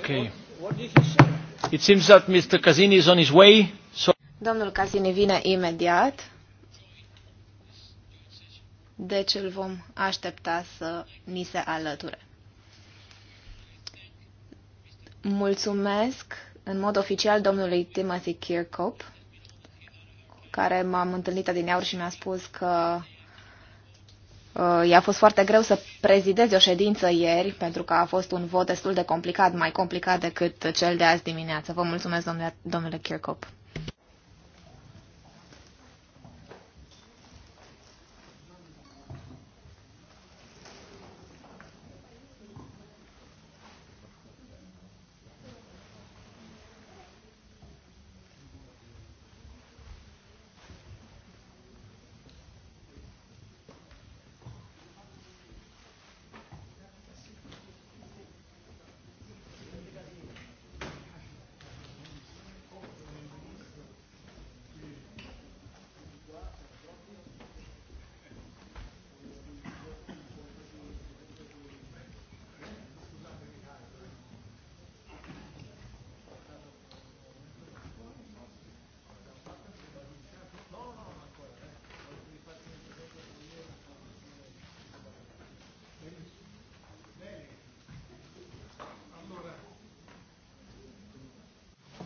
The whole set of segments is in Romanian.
Okay. It seems that Mr. Casini is on his way. So... Domnul Casini vine imediat. Deci îl vom aștepta să ni se alăture. Mulțumesc în mod oficial domnului Timothy Kirkhope, care m-am întâlnit adineauri și mi-a spus că Uh, i-a fost foarte greu să prezidezi o ședință ieri, pentru că a fost un vot destul de complicat, mai complicat decât cel de azi dimineață. Vă mulțumesc, domnule, domnule Kirchhoff.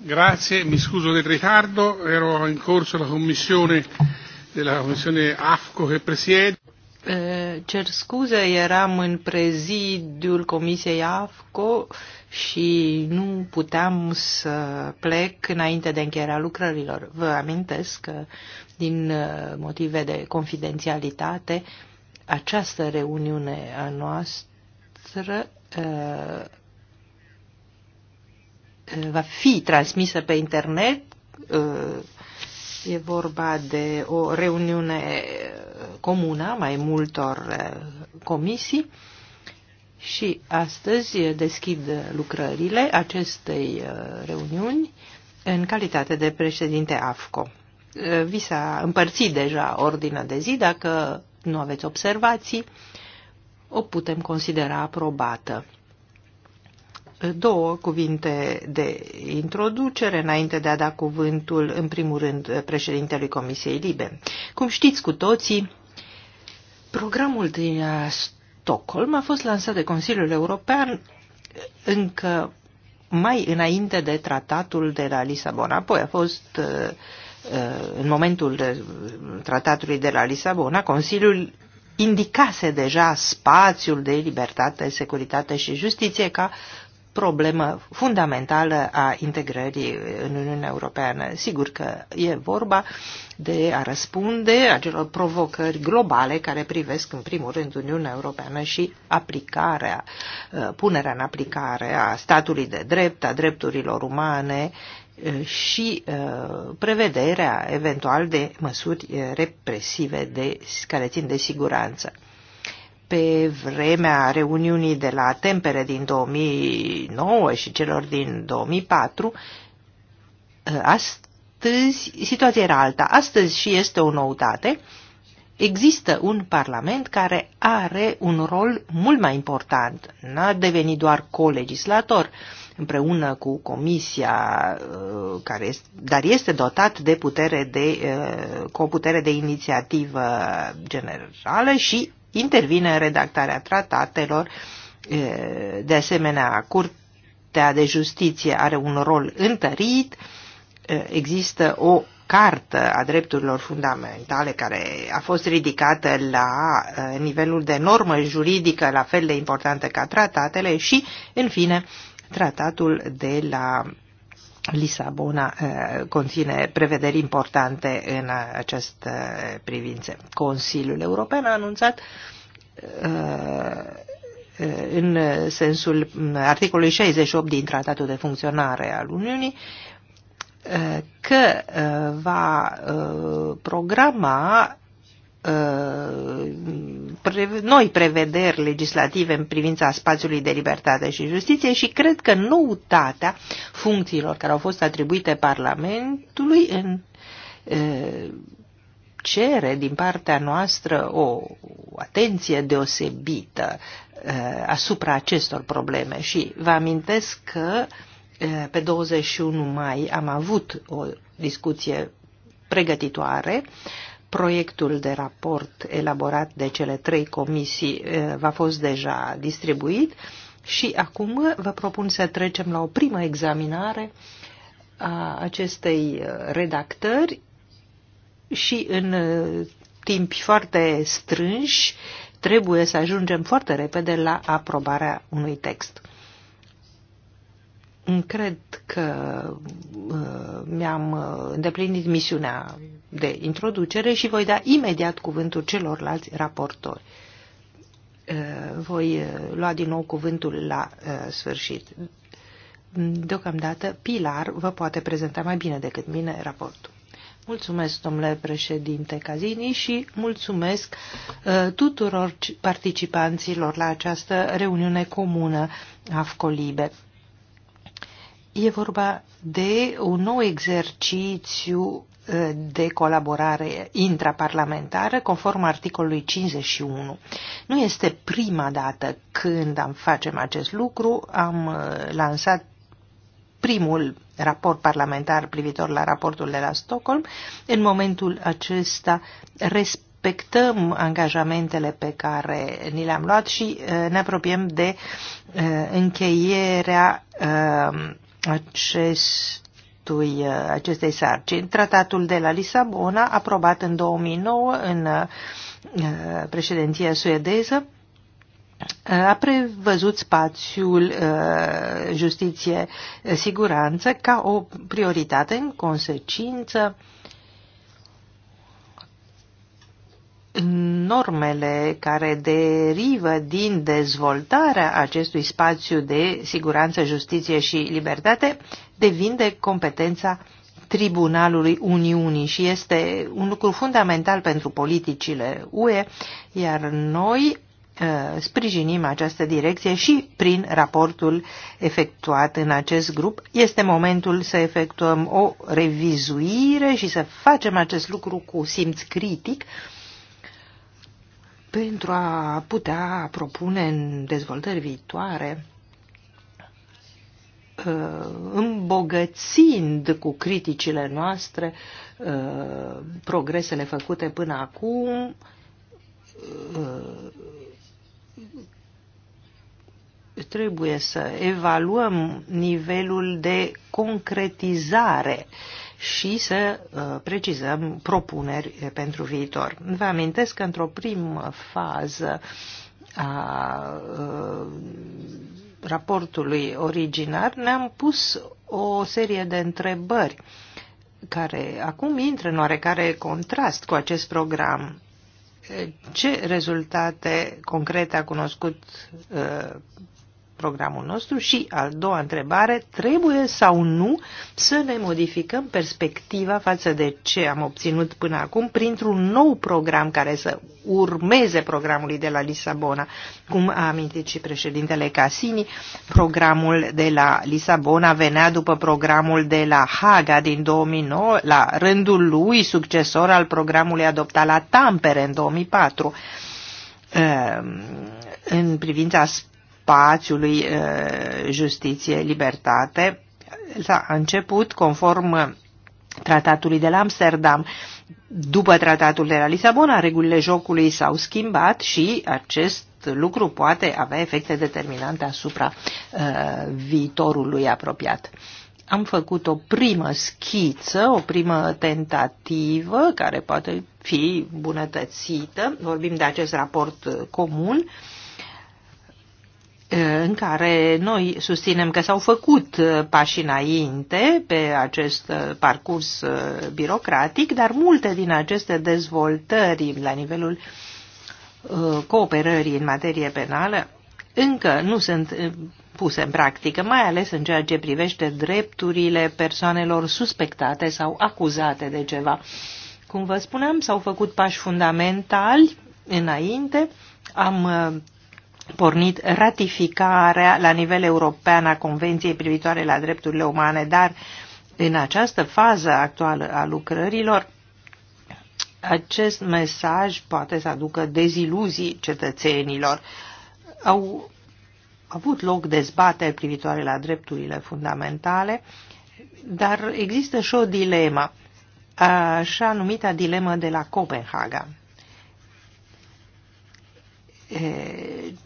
Grazie, mi scuso del ritardo, ero in corso la commissione della commissione AFCO che presiede. Eh, cer scuze, eram în prezidiul comisiei AFCO și nu puteam să plec înainte de încheierea lucrărilor. Vă amintesc că din uh, motive de confidențialitate această reuniune a noastră uh, Eh, va fi transmisă pe internet. Eh, e vorba de o reuniune comună mai multor eh, comisii și astăzi deschid lucrările acestei reuniuni în calitate de președinte AFCO. Vi s-a împărțit deja ordinea de zi, dacă nu aveți observații, o putem considera aprobată două cuvinte de introducere înainte de a da cuvântul, în primul rând, președintelui Comisiei Libe. Cum știți cu toții, programul de Stockholm a fost lansat de Consiliul European încă mai înainte de tratatul de la Lisabona. Apoi a fost uh, uh, în momentul tratatului de la Lisabona, Consiliul indicase deja spațiul de libertate, securitate și justiție ca problemă fundamentală a integrării în Uniunea Europeană. Sigur că e vorba de a răspunde acelor provocări globale care privesc în primul rând Uniunea Europeană și aplicarea, uh, punerea în aplicare a statului de drept, a drepturilor umane uh, și uh, prevederea eventual de măsuri represive de, care țin de siguranță pe vremea reuniunii de la Tempere din 2009 și celor din 2004, ă, astăzi situația era alta. Astăzi și este o noutate. Există un parlament care are un rol mult mai important. N-a devenit doar colegislator împreună cu comisia, ă, care, este, dar este dotat de putere de, ă, cu o putere de inițiativă generală și intervine în redactarea tratatelor. De asemenea, Curtea de Justiție are un rol întărit, există o cartă a drepturilor fundamentale care a fost ridicată la nivelul de normă juridică la fel de importantă ca tratatele și, în fine, tratatul de la Lisabona eh, conține prevederi importante în această privință. Consiliul European a anunțat eh, în sensul articolului 68 din Tratatul de Funcționare al Uniunii eh, că va programa Uh, noi prevederi legislative în privința spațiului de libertate și justiție și cred că noutatea funcțiilor care au fost atribuite Parlamentului în uh, cere din partea noastră o atenție deosebită uh, asupra acestor probleme și vă amintesc că pe 21 mai am avut o discuție pregătitoare uh, Proiectul de raport elaborat de cele trei comisii eh, va fost deja distribuit și acum vă propun să trecem la o primă examinare a acestei eh, redactări și în eh, timp foarte strânși trebuie să ajungem foarte repede la aprobarea unui text. Cred că uh, mi-am uh, îndeplinit misiunea de introducere și voi da imediat cuvântul celorlalți raportori. Uh, voi lua din nou cuvântul la sfârșit. Deocamdată, Pilar vă poate prezenta mai bine decât mine raportul. Mulțumesc, domnule președinte Cazini, și mulțumesc uh, tuturor participanților la această reuniune comună AFCOLIBE. E vorba de un nou exercițiu eh, de colaborare intraparlamentară, conform articolului 51. Nu este prima dată când am facem acest lucru, am eh, lansat primul raport parlamentar privitor la raportul de la Stockholm. În momentul acesta respectăm angajamentele pe care ni le-am luat și eh, ne apropiem de încheierea acestui, acestei sarcini. Tratatul de la Lisabona, aprobat în 2009 în uh, președinția suedeză, uh, a prevăzut spațiul uh, justiție-siguranță ca o prioritate. În consecință, normele care derivă din dezvoltarea acestui spațiu de siguranță, justiție și libertate devin de competența Tribunalului Uniunii și este un lucru fundamental pentru politicile UE, iar noi uh, sprijinim această direcție și prin raportul efectuat în acest grup. Este momentul să efectuăm o revizuire și să facem acest lucru cu simț critic pentru a putea propune în dezvoltări viitoare uh, îmbogățind cu criticile noastre uh, progresele făcute până acum, uh, trebuie să evaluăm nivelul de concretizare și să uh, precizăm propuneri uh, pentru viitor. Vă amintesc că într-o primă fază a uh, raportului originar ne-am pus o serie de întrebări care acum intră în oarecare contrast cu acest program. Ce rezultate concrete a cunoscut programul nostru și a doua întrebare, trebuie sau nu să ne modificăm perspectiva față de ce am obținut până acum printr-un nou program care să urmeze programului de la Lisabona, cum a amintit și președintele Casini, programul de la Lisabona venea după programul de la Haga din 2009, la rândul lui succesor al programului adoptat la Tampere în 2004 în privința spațiului justiție, libertate, s-a început conform tratatului de la Amsterdam. După tratatul de la Lisabona, regulile jocului s-au schimbat și acest lucru poate avea efecte determinante asupra uh, viitorului apropiat. Am făcut o primă schiță, o primă tentativă care poate fi bunătățită. Vorbim de acest raport comun. Uh, în care noi susținem că s-au făcut pași înainte pe acest parcurs birocratic, dar multe din aceste dezvoltări la nivelul cooperării în materie penală încă nu sunt puse în practică, mai ales în ceea ce privește drepturile persoanelor suspectate sau acuzate de ceva. Cum vă spuneam, s-au făcut pași fundamentali înainte, am pornit ratificarea la nivel european a Convenției privitoare la drepturile umane, dar în această fază actuală a lucrărilor, acest mesaj poate să aducă deziluzii cetățenilor. Au avut loc dezbateri privitoare la drepturile fundamentale, dar există și o dilemă, așa numita dilemă de la Copenhaga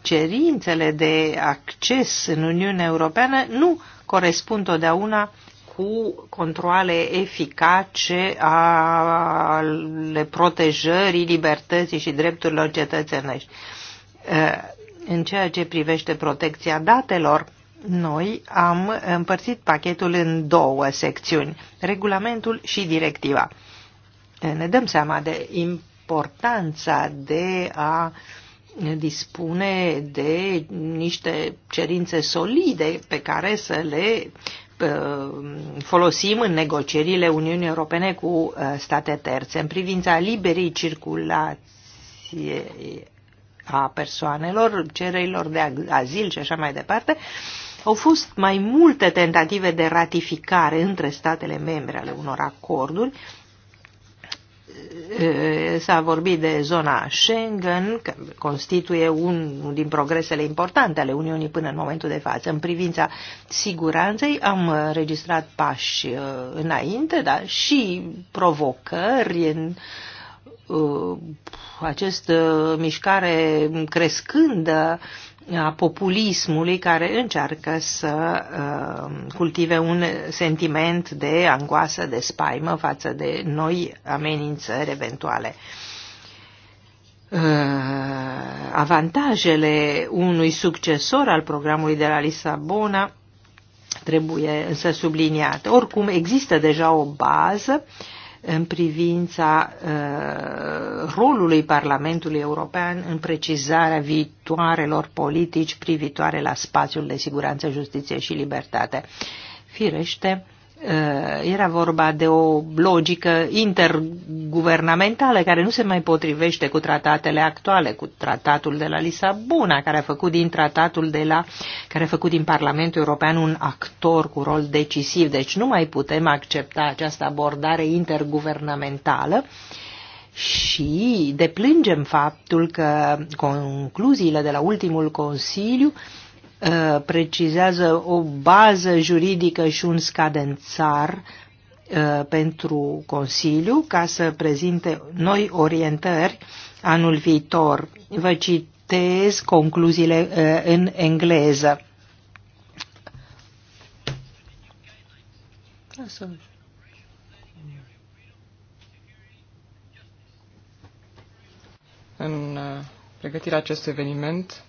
cerințele de acces în Uniunea Europeană nu corespund totdeauna cu controle eficace ale protejării libertății și drepturilor cetățenești. În ceea ce privește protecția datelor, noi am împărțit pachetul în două secțiuni, regulamentul și directiva. Ne dăm seama de importanța de a uh, dispune de niște cerințe solide pe care să le uh, folosim în negocierile Uniunii Europene cu uh, state terțe. În privința liberii circulație a persoanelor, cererilor de azil și așa mai departe, au fost mai multe tentative de ratificare între statele membre ale unor acorduri, Eh, s-a vorbit de zona Schengen, că constituie unul din progresele importante ale Uniunii până în momentul de față. În privința siguranței am registrat pași eh, înainte, dar și provocări în eh, acest mișcare crescândă a populismului care încearcă să uh, cultive un sentiment de angoasă, de spaimă față de noi amenințări eventuale. Uh, avantajele unui succesor al programului de la Lisabona trebuie însă subliniate. Oricum, există deja o bază uh, în privința uh, rolului Parlamentului European în precizarea viitoarelor politici privitoare la spațiul de siguranță, justiție și libertate. Firește, uh, Eh, era vorba de o logică interguvernamentală care nu se mai potrivește cu tratatele actuale, cu tratatul de la Lisabona, care a făcut din tratatul de la, care a făcut din Parlamentul European un actor cu rol decisiv. Deci nu mai putem accepta această abordare interguvernamentală și deplângem faptul că concluziile de la ultimul Consiliu Uh, precizează o bază juridică și un scadențar uh, pentru Consiliu ca să prezinte noi orientări anul viitor. Vă citez concluziile uh, în engleză. În pregătirea acestui eveniment,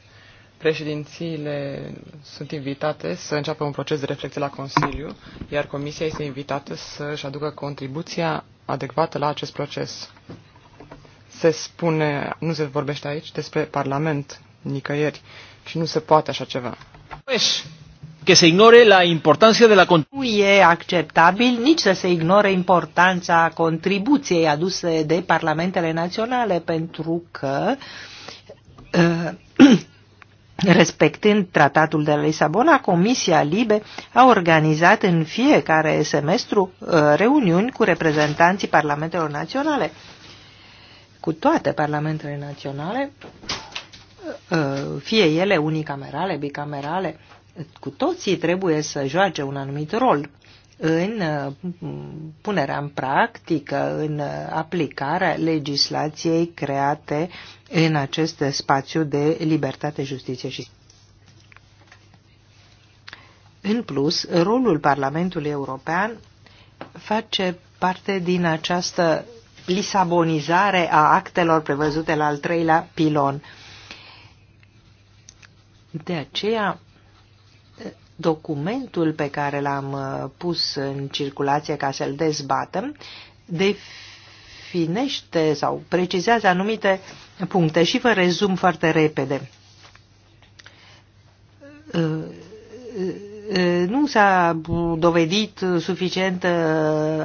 președințiile sunt invitate să înceapă un proces de reflecție la Consiliu, iar Comisia este invitată să-și aducă contribuția adecvată la acest proces. Se spune, nu se vorbește aici, despre Parlament nicăieri și nu se poate așa ceva. Pues, că se ignore la importanța de la Nu e acceptabil nici să se ignore importanța contribuției aduse de parlamentele naționale, pentru că uh, Respectând tratatul de la Lisabona, Comisia Libe a organizat în fiecare semestru uh, reuniuni cu reprezentanții parlamentelor naționale. Cu toate parlamentele naționale, uh, fie ele unicamerale, bicamerale, cu toții trebuie să joace un anumit rol în uh, punerea în practică, în uh, aplicarea legislației create în acest spațiu de libertate, justiție și În plus, rolul Parlamentului European face parte din această lisabonizare a actelor prevăzute la al treilea pilon. De aceea, documentul pe care l-am uh, pus în circulație ca să-l dezbatem definește sau precizează anumite puncte și vă rezum foarte repede. Uh, uh, Eh, nu s-a dovedit suficientă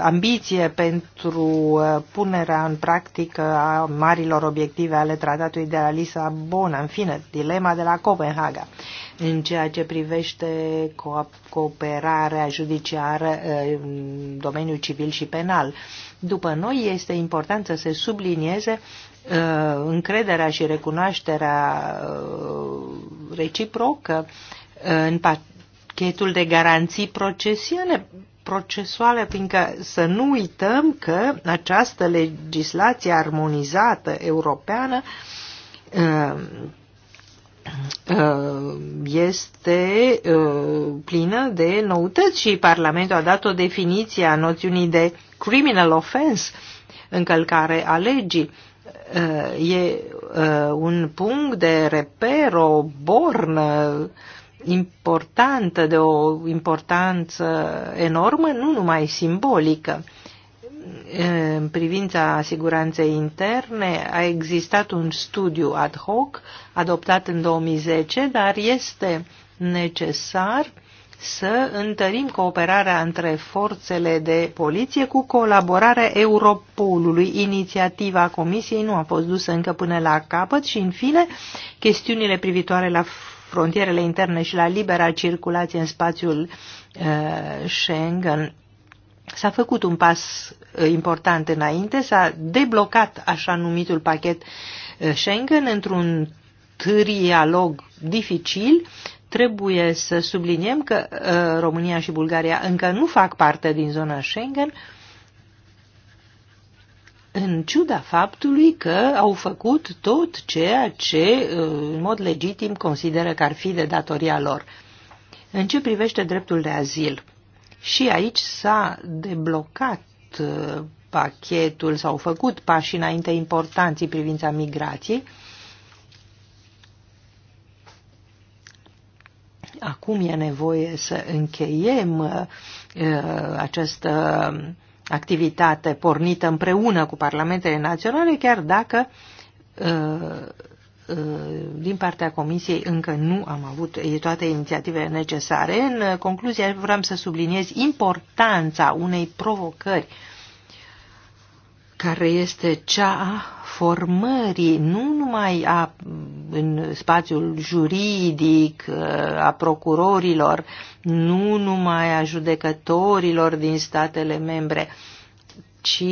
ambiție pentru eh, punerea în practică a marilor obiective ale tratatului de la Lisabona, în fine, dilema de la Copenhaga, în ceea ce privește cooperarea judiciară eh, în domeniul civil și penal. După noi este important să se sublinieze încrederea și recunoașterea reciprocă în pachetul de garanții procesiune, procesuale, fiindcă să nu uităm că această legislație armonizată europeană uh, uh, este uh, plină de noutăți și Parlamentul a dat o definiție a noțiunii de criminal offense, încălcare a legii. E un punct de reper, o bornă importantă, de o importanță enormă, nu numai simbolică. În privința siguranței interne a existat un studiu ad hoc adoptat în 2010, dar este necesar să întărim cooperarea între forțele de poliție cu colaborarea Europolului. Inițiativa Comisiei nu a fost dusă încă până la capăt și, în fine, chestiunile privitoare la frontierele interne și la libera circulație în spațiul uh, Schengen, s-a făcut un pas uh, important înainte, s-a deblocat așa numitul pachet uh, Schengen într-un trialog dificil, trebuie să subliniem că România și Bulgaria încă nu fac parte din zona Schengen, în ciuda faptului că au făcut tot ceea ce uh, în mod legitim consideră că ar fi de datoria lor. În ce privește dreptul de azil, și aici s-a deblocat uh, pachetul, s-au făcut pași înainte importanții în privința migrației. Acum e nevoie să încheiem uh, uh această activitate pornită împreună cu parlamentele naționale, chiar dacă uh, uh, din partea Comisiei încă nu am avut toate inițiativele necesare. În concluzie, vreau să subliniez importanța unei provocări uh, care este cea a formării, nu numai a, în spațiul juridic, a procurorilor, nu numai a judecătorilor din statele membre, ci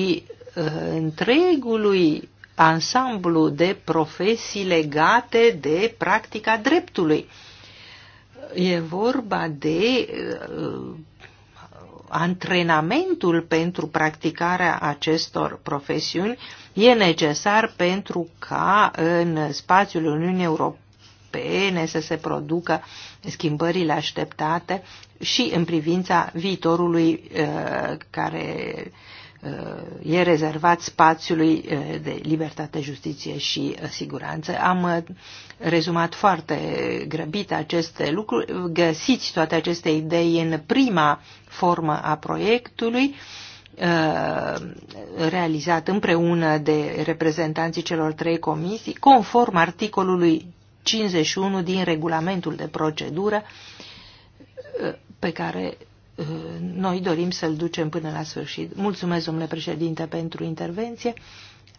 întregului ansamblu de profesii legate de practica dreptului. E vorba de antrenamentul pentru practicarea acestor profesiuni e necesar pentru ca în spațiul Uniunii Europene să se producă schimbările așteptate și în privința viitorului uh, care Uh, e rezervat spațiului uh, de libertate, justiție și uh, siguranță. Am rezumat foarte grăbit aceste lucruri. Găsiți toate aceste idei în prima formă a proiectului realizat împreună de reprezentanții celor trei comisii, conform articolului 51 din regulamentul de procedură pe care noi dorim să-l ducem până la sfârșit. Mulțumesc, domnule președinte, pentru intervenție.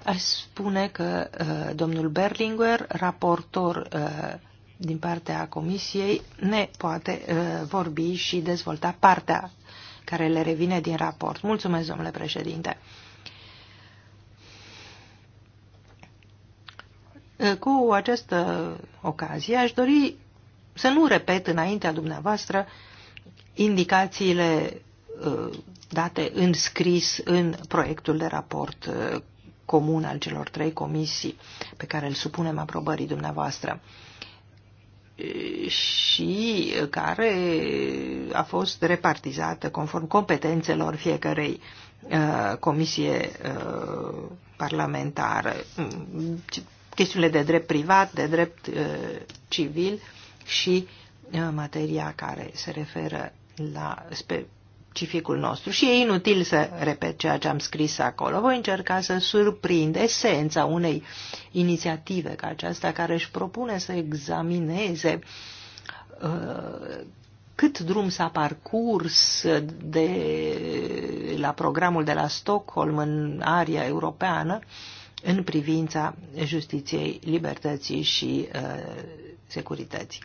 Aș spune că uh, domnul Berlinguer, raportor uh, din partea Comisiei, ne poate uh, vorbi și dezvolta partea care le revine din raport. Mulțumesc, domnule președinte. Cu această ocazie aș dori să nu repet înaintea dumneavoastră uh, indicațiile uh, date în scris în proiectul de raport uh, comun al celor trei comisii pe care îl supunem aprobării dumneavoastră uh, și care a fost repartizată conform competențelor fiecarei comisie parlamentară. Mm, chestiunile de drept privat, de drept civil și materia care se referă la specificul nostru și e inutil să repet ceea ce am scris acolo. Voi încerca să surprind esența unei inițiative ca aceasta care își propune să examineze uh, cât drum s-a parcurs de la programul de la Stockholm în aria europeană în privința justiției, libertății și uh, securității.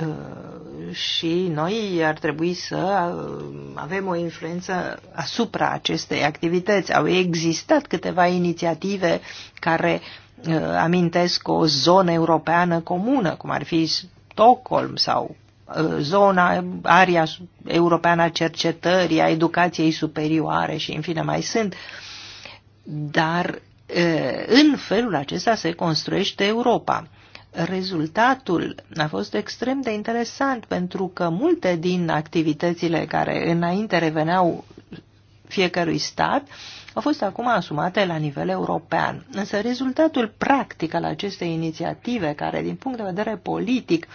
Uh, și noi ar trebui să uh, avem o influență asupra acestei activități. Au existat câteva inițiative care uh, amintesc o zonă europeană comună, cum ar fi Stockholm sau zona, area europeană a cercetării, a educației superioare și în fine mai sunt. Dar în felul acesta se construiește Europa rezultatul a fost extrem de interesant pentru că multe din activitățile care înainte reveneau fiecărui stat au fost acum asumate la nivel european. Însă rezultatul practic al acestei inițiative, care din punct de vedere politic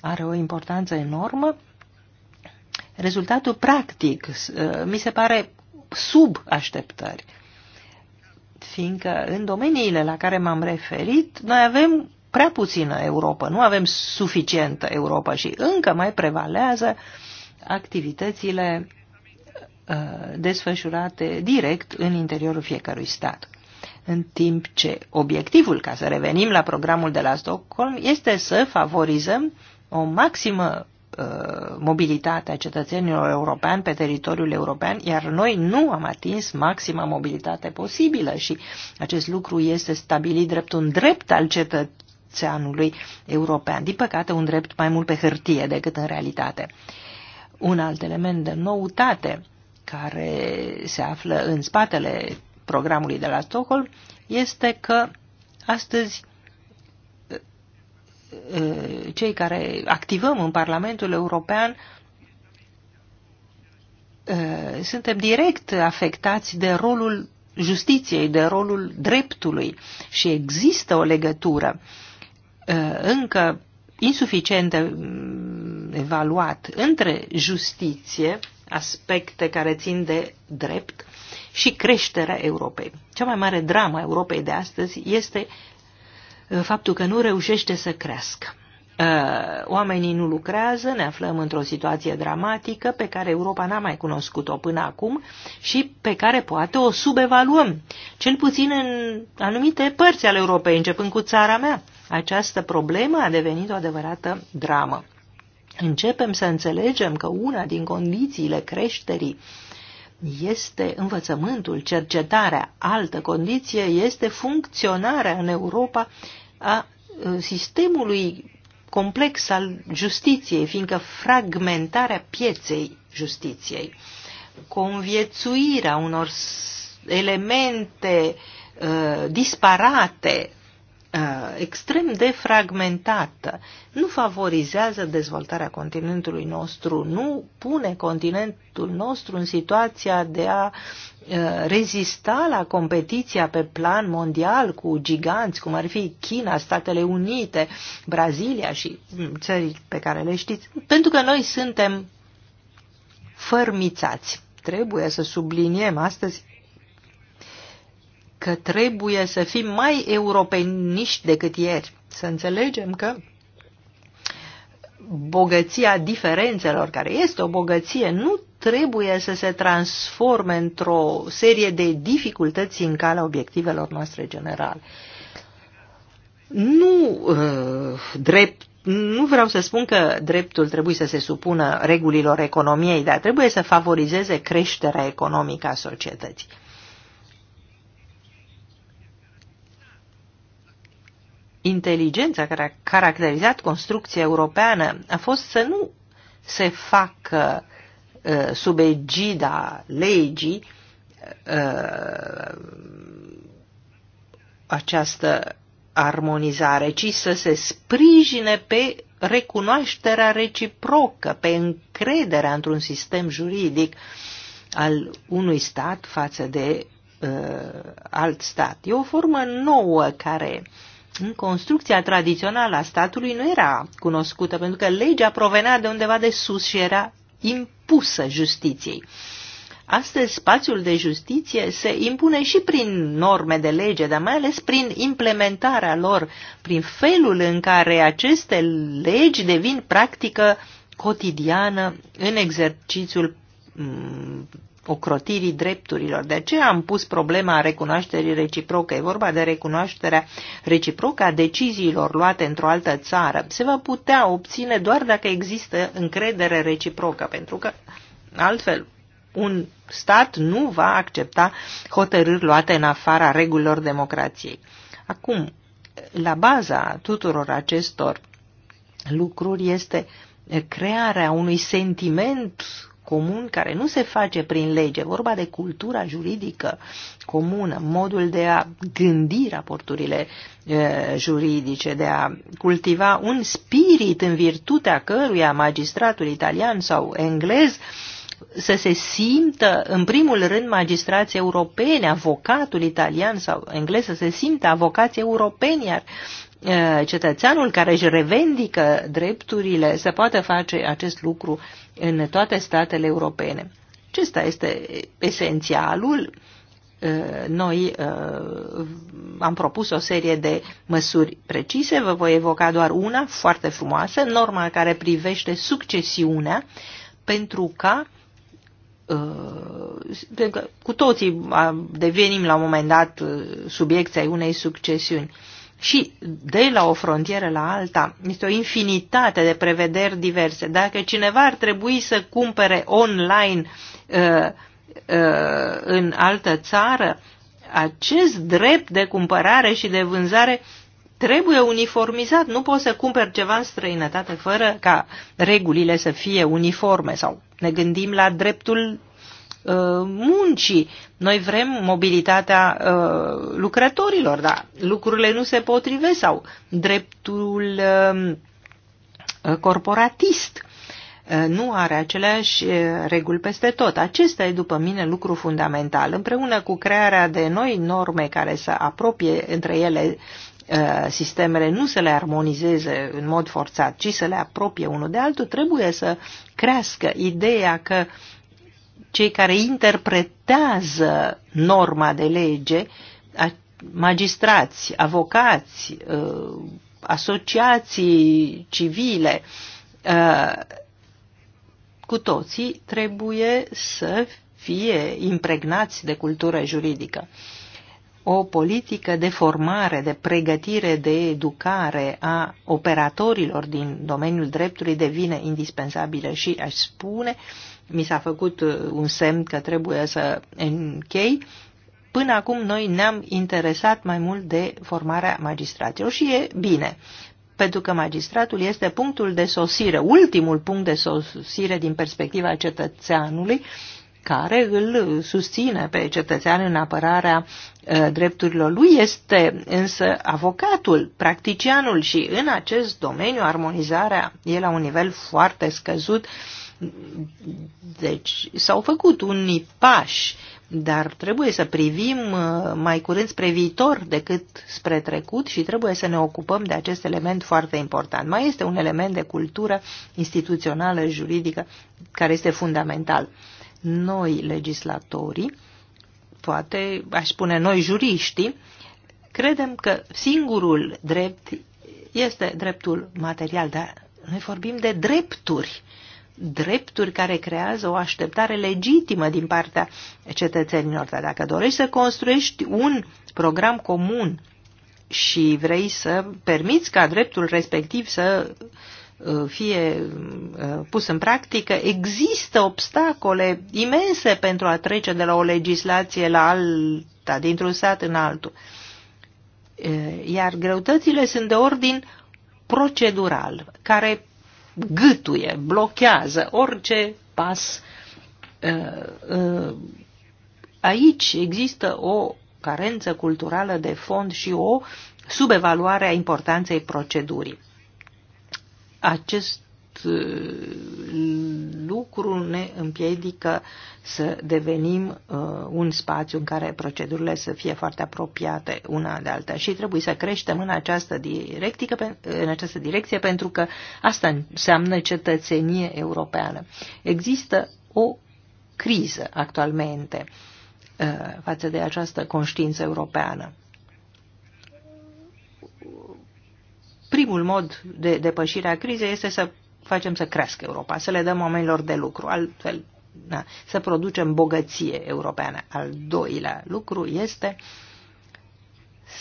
are o importanță enormă, rezultatul practic uh, mi se pare sub așteptări. Fiindcă în domeniile la care m-am referit, noi avem prea puțină Europa, nu avem suficientă Europa și încă mai prevalează activitățile uh, desfășurate direct în interiorul fiecărui stat. În timp ce obiectivul, ca să revenim la programul de la Stockholm, este să favorizăm o maximă uh, mobilitatea cetățenilor europeni pe teritoriul european, iar noi nu am atins maxima mobilitate posibilă și acest lucru este stabilit drept un drept al cetățenilor cetățeanului european. Din păcate, un drept mai mult pe hârtie decât în realitate. Un alt element de noutate care se află în spatele programului de la Stockholm este că astăzi ă, ă, cei care activăm în Parlamentul European ă, suntem direct afectați de rolul justiției, de rolul dreptului și există o legătură Uh, încă insuficient mm, evaluat între justiție, aspecte care țin de drept, și creșterea Europei. Cea mai mare dramă a Europei de astăzi este uh, faptul că nu reușește să crească. Uh, oamenii nu lucrează, ne aflăm într-o situație dramatică pe care Europa n-a mai cunoscut-o până acum și pe care poate o subevaluăm, cel puțin în anumite părți ale Europei, începând cu țara mea. Această problemă a devenit o adevărată dramă. Începem să înțelegem că una din condițiile creșterii este învățământul, cercetarea. Altă condiție este funcționarea în Europa a uh, sistemului complex al justiției, fiindcă fragmentarea pieței justiției, conviețuirea unor elemente uh, disparate Uh, extrem de fragmentată, nu favorizează dezvoltarea continentului nostru, nu pune continentul nostru în situația de a uh, rezista la competiția pe plan mondial cu giganți, cum ar fi China, Statele Unite, Brazilia și mm, țări pe care le știți, pentru că noi suntem fărmițați. Trebuie să subliniem astăzi că trebuie să fim mai europeniști decât ieri. Să înțelegem că bogăția diferențelor, care este o bogăție, nu trebuie să se transforme într-o serie de dificultăți în calea obiectivelor noastre generale. Nu uh, drept nu vreau să spun că dreptul trebuie să se supună regulilor economiei, dar trebuie să favorizeze creșterea economică a societății. inteligența care a caracterizat construcția europeană a fost să nu se facă uh, sub egida legii uh, această armonizare, ci să se sprijine pe recunoașterea reciprocă, pe încrederea într-un sistem juridic al unui stat față de uh, alt stat. E o formă nouă care uh, construcția tradițională a statului nu era cunoscută, pentru că legea provenea de undeva de sus și era impusă justiției. Astăzi, spațiul de justiție se impune și prin norme de lege, dar mai ales prin implementarea lor, prin felul în care aceste legi devin practică cotidiană în exercițiul ocrotirii drepturilor. De aceea am pus problema recunoașterii reciproce. E vorba de recunoașterea reciprocă a deciziilor luate într-o altă țară. Se va putea obține doar dacă există încredere reciprocă, pentru că altfel un stat nu va accepta hotărâri luate în afara regulilor democrației. Acum, la baza tuturor acestor lucruri este crearea unui sentiment comun care nu se face prin lege, vorba de cultura juridică comună, modul de a gândi raporturile e, juridice, de a cultiva un spirit în virtutea căruia magistratul italian sau englez să se simtă, în primul rând, magistrații europeni, avocatul italian sau englez să se simtă avocații europeni, iar Eh, cetățeanul care își revendică drepturile să poată face acest lucru în toate statele europene. Acesta este esențialul. Eh, noi eh, am propus o serie de măsuri precise, vă voi evoca doar una foarte frumoasă, norma care privește succesiunea, pentru ca cu toții ah, devenim la un moment dat subiecții ai unei succesiuni și de la o frontieră la alta. Este o infinitate de prevederi diverse. Dacă cineva ar trebui să cumpere online uh, uh, în altă țară, acest drept de cumpărare și de vânzare trebuie uniformizat. Nu poți să cumperi ceva în străinătate fără ca regulile să fie uniforme sau ne gândim la dreptul Uh, muncii. Noi vrem mobilitatea uh, lucrătorilor, dar lucrurile nu se potrivesc sau dreptul um, uh, corporatist nu are aceleași reguli peste tot. Acesta e, după mine, lucru fundamental. Împreună cu crearea de noi norme care să apropie între ele sistemele, nu să le armonizeze în mod forțat, ci să le apropie unul de altul, trebuie să crească ideea că uh, cei care interpretează norma de lege, magistrați, avocați, ă, asociații civile, ă, cu toții trebuie să fie impregnați de cultură juridică. O politică de formare, de pregătire, de educare a operatorilor din domeniul dreptului devine indispensabilă și, aș spune, uh, mi s-a făcut uh, un semn că trebuie să închei. Până acum noi ne-am interesat mai mult de formarea magistraților și e bine, pentru că magistratul este punctul de sosire, ultimul punct de sosire din perspectiva cetățeanului, care îl susține pe cetățean în apărarea uh, drepturilor lui este însă avocatul, practicianul și în acest domeniu armonizarea e la un nivel foarte scăzut deci s-au făcut unii pași, dar trebuie să privim uh, mai curând spre viitor decât spre trecut și trebuie să ne ocupăm de acest element foarte important. Mai este un element de cultură instituțională, juridică, care este fundamental. Noi, legislatorii, poate aș spune noi juriștii, credem că singurul drept este dreptul material, dar noi vorbim de drepturi drepturi care creează o așteptare legitimă din partea cetățenilor. Dar dacă dorești să construiești un program comun și vrei să permiți ca dreptul respectiv să uh, fie uh, pus în practică, există obstacole imense pentru a trece de la o legislație la alta, dintr-un stat în altul. Uh, iar greutățile sunt de ordin procedural, care gâtuie, blochează orice pas. Ă, ă, aici există o carență culturală de fond și o subevaluare a importanței procedurii. Acest Uh, lucru ne împiedică să devenim uh, un spațiu în care procedurile să fie foarte apropiate una de alta și trebuie să creștem în această, directică, în această direcție pentru că asta înseamnă cetățenie europeană. Există o criză actualmente uh, față de această conștiință europeană. primul mod de depășire a crizei este să facem să crească Europa, să le dăm oamenilor de lucru, altfel na, să producem bogăție europeană. Al doilea lucru este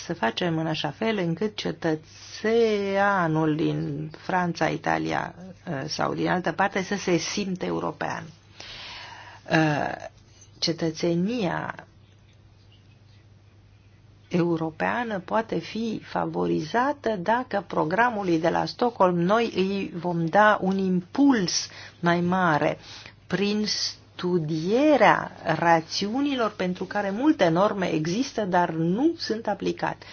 să facem în așa fel încât cetățeanul din Franța, Italia uh, sau din altă parte să se simte european. Uh, cetățenia europeană poate fi favorizată dacă programului de la Stockholm noi îi vom da un impuls mai mare prin studierea rațiunilor pentru care multe norme există, dar nu sunt aplicate.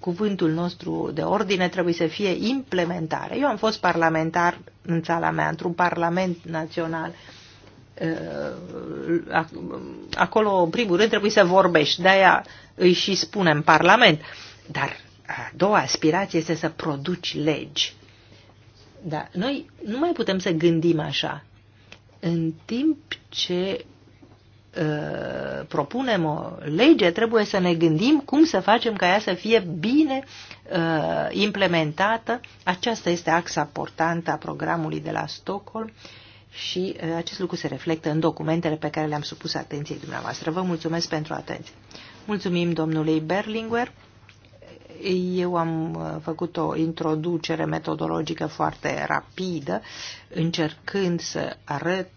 Cuvântul nostru de ordine trebuie să fie implementare. Eu am fost parlamentar în țara mea, într-un parlament național. Uh, Eh, acolo, în primul rând, trebuie să vorbești. De-aia îi și spunem Parlament. Dar a doua aspirație este să produci legi. Da, noi nu mai putem să gândim așa. În timp ce uh, propunem o lege, trebuie să ne gândim cum să facem ca ea să fie bine uh, implementată. Aceasta este axa portantă a programului de la Stockholm. Uh, și uh, acest lucru se reflectă în documentele pe care le-am supus atenției dumneavoastră. Vă mulțumesc pentru atenție. Mulțumim domnului Berlinguer. Eu am uh, făcut o introducere metodologică foarte rapidă, încercând să arăt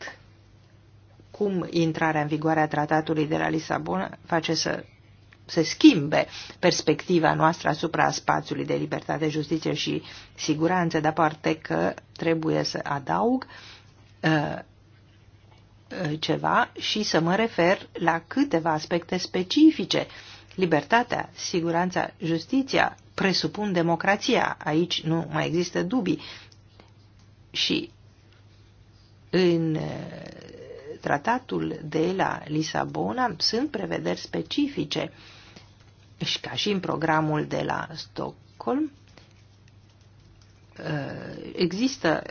cum intrarea în vigoare a tratatului de la Lisabona face să se schimbe perspectiva noastră asupra spațiului de libertate, justiție și siguranță, dar poate că trebuie să adaug uh, Uh, uh, ceva și să mă refer la câteva aspecte specifice. Libertatea, siguranța, justiția presupun democrația. Aici nu mai există dubii. Și în uh, tratatul de la Lisabona sunt prevederi specifice și ca și în programul de la Stockholm există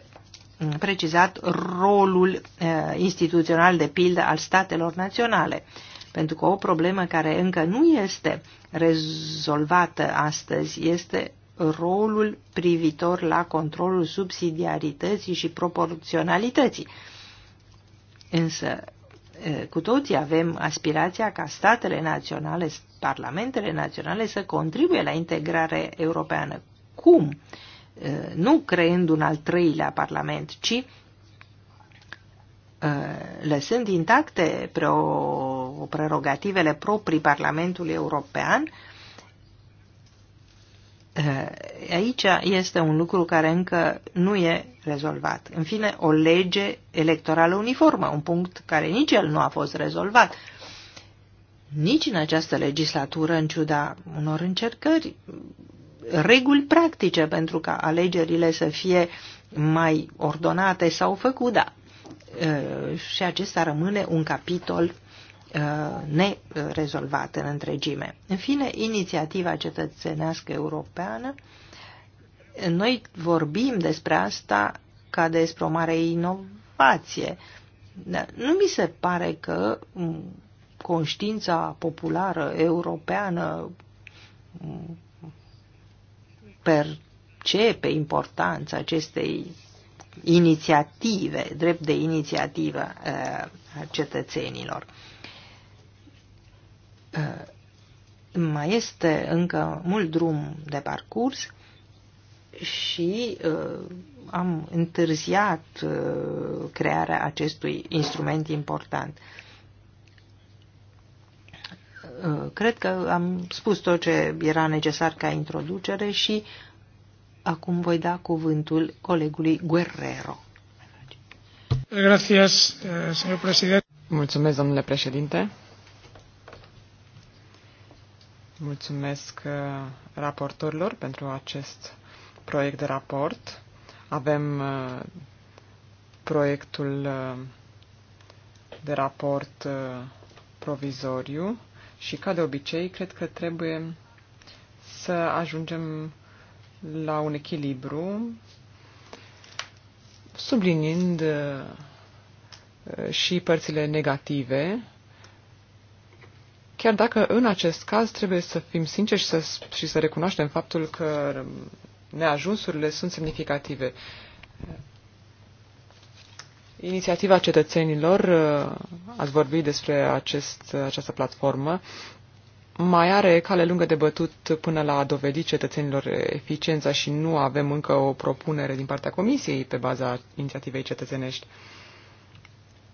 precizat rolul eh, instituțional de pildă al statelor naționale. Pentru că o problemă care încă nu este rezolvată astăzi este rolul privitor la controlul subsidiarității și proporționalității. Însă, eh, cu toții avem aspirația ca statele naționale, parlamentele naționale să contribuie la integrare europeană. Cum? Uh, Uh, nu creând un al treilea parlament, ci uh, lăsând intacte prerogativele proprii Parlamentului European, uh, aici este un lucru care încă nu e rezolvat. În fine, o lege electorală uniformă, un punct care nici el nu a fost rezolvat. Nici în această legislatură, în ciuda unor încercări, reguli practice pentru ca alegerile să fie mai ordonate sau făcute. Da. Uh, și acesta rămâne un capitol uh, nerezolvat în întregime. În fine, inițiativa cetățenească europeană, noi vorbim despre asta ca despre o mare inovație. Da, nu mi se pare că mm, conștiința populară europeană mm, percepe importanța acestei inițiative, drept de inițiativă uh, a cetățenilor. Uh, mai este încă mult drum de parcurs și uh, am întârziat crearea acestui instrument important. Uh, cred că am spus tot ce era necesar ca introducere și acum voi da cuvântul colegului Guerrero. Gracias, eh, señor presidente. Mulțumesc, domnule președinte. Mulțumesc eh, raportorilor pentru acest proiect de raport. Avem eh, proiectul de raport provizoriu și ca de obicei, cred că trebuie să ajungem la un echilibru, sublinind uh, și părțile negative, chiar dacă în acest caz trebuie să fim sinceri și să, și să recunoaștem faptul că neajunsurile sunt semnificative. Inițiativa cetățenilor, uh, ați vorbit despre acest, această platformă, mai are cale lungă de bătut până la a dovedi cetățenilor eficiența și nu avem încă o propunere din partea Comisiei pe baza inițiativei cetățenești.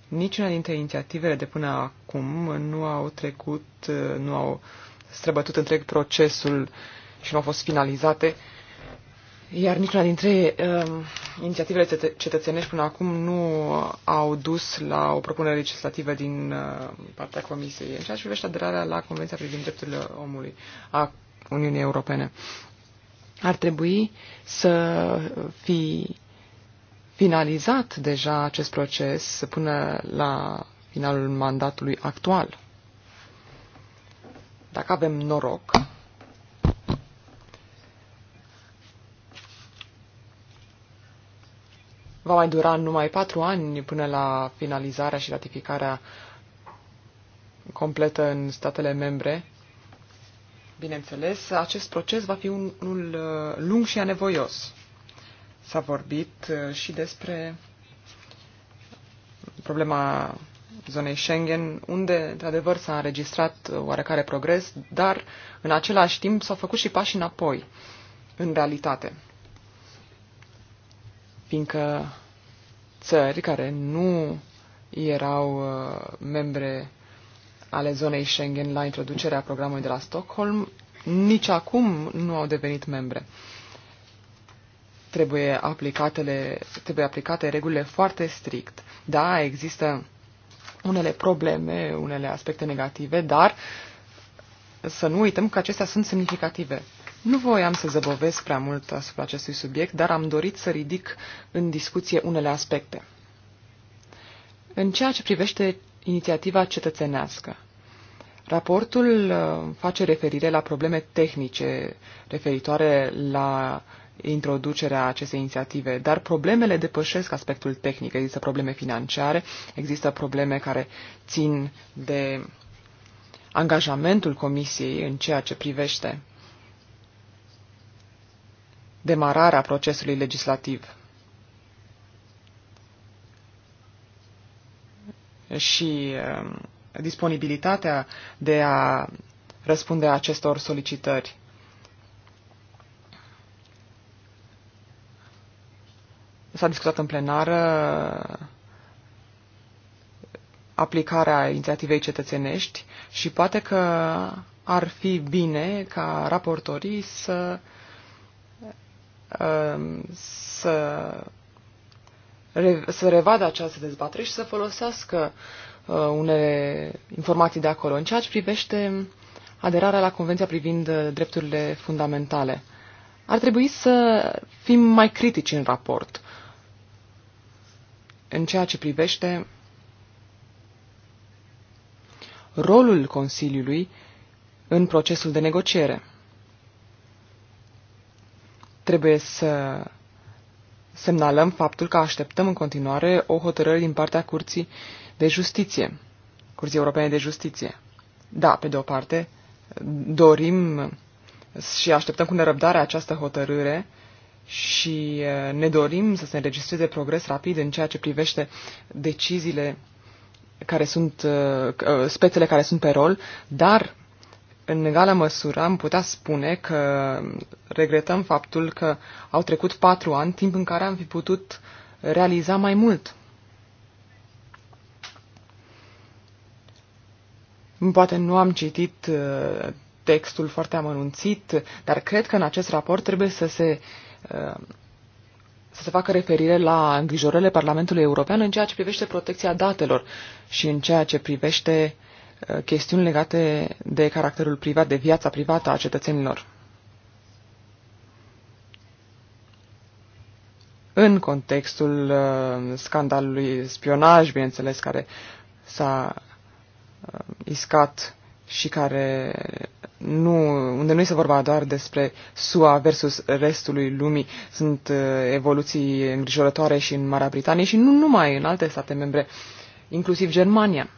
Niciuna dintre inițiativele de până acum nu au trecut, uh, nu au străbătut întreg procesul și nu au fost finalizate iar niciuna dintre uh, inițiativele cetățenești până acum nu au dus la o propunere legislativă din uh, partea Comisiei în ceea ce privește aderarea la Convenția privind drepturile omului a Uniunii Europene. Ar trebui să fi finalizat deja acest proces până la finalul mandatului actual. Dacă avem noroc, va mai dura numai patru ani până la finalizarea și ratificarea completă în statele membre. Bineînțeles, acest proces va fi unul uh, lung și anevoios. S-a vorbit uh, și despre problema zonei Schengen, unde, într-adevăr, s-a înregistrat uh, oarecare progres, dar, în același timp, s-au făcut și pași înapoi, în realitate fiindcă țări care nu erau uh, membre ale zonei Schengen la introducerea programului de la Stockholm, nici acum nu au devenit membre. Trebuie, aplicatele, trebuie aplicate regulile foarte strict. Da, există unele probleme, unele aspecte negative, dar să nu uităm că acestea sunt semnificative. Nu voiam să zăbovesc prea mult asupra acestui subiect, dar am dorit să ridic în discuție unele aspecte. În ceea ce privește inițiativa cetățenească, raportul uh, face referire la probleme tehnice referitoare la introducerea acestei inițiative, dar problemele depășesc aspectul tehnic. Există probleme financiare, există probleme care țin de angajamentul Comisiei în ceea ce privește demararea procesului legislativ. Și um, disponibilitatea de a răspunde acestor solicitări. S-a discutat în plenară aplicarea inițiativei cetățenești și poate că ar fi bine ca raportorii să uh, Um, să, să revadă această dezbatere și să folosească uh, unele informații de acolo. În ceea ce privește aderarea la Convenția privind uh, drepturile fundamentale, ar trebui să fim mai critici în raport în ceea ce privește rolul Consiliului în procesul de negociere. Trebuie să semnalăm faptul că așteptăm în continuare o hotărâre din partea Curții de Justiție, Curții Europene de Justiție. Da, pe de o parte, dorim și așteptăm cu nerăbdare această hotărâre și ne dorim să se înregistreze progres rapid în ceea ce privește deciziile care sunt, spețele care sunt pe rol, dar în egală măsură am putea spune că regretăm faptul că au trecut patru ani, timp în care am fi putut realiza mai mult. Poate nu am citit uh, textul foarte amănunțit, dar cred că în acest raport trebuie să se, uh, să se facă referire la îngrijorările Parlamentului European în ceea ce privește protecția datelor și în ceea ce privește uh, Uh, chestiuni legate de caracterul privat, de viața privată a cetățenilor. În contextul uh, scandalului spionaj, bineînțeles, care s-a uh, iscat și care nu, unde nu este vorba doar despre SUA versus restului lumii, sunt uh, evoluții îngrijorătoare și în Marea Britanie și nu numai în alte state membre, inclusiv Germania.